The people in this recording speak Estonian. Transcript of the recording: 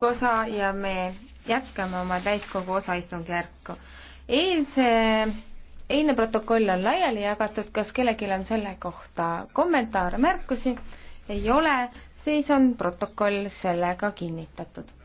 osa ja me jätkame oma täiskogu osaistungjärku. eilse, eilne protokoll on laiali jagatud, kas kellelgi on selle kohta kommentaare, märkusi? ei ole, siis on protokoll sellega kinnitatud.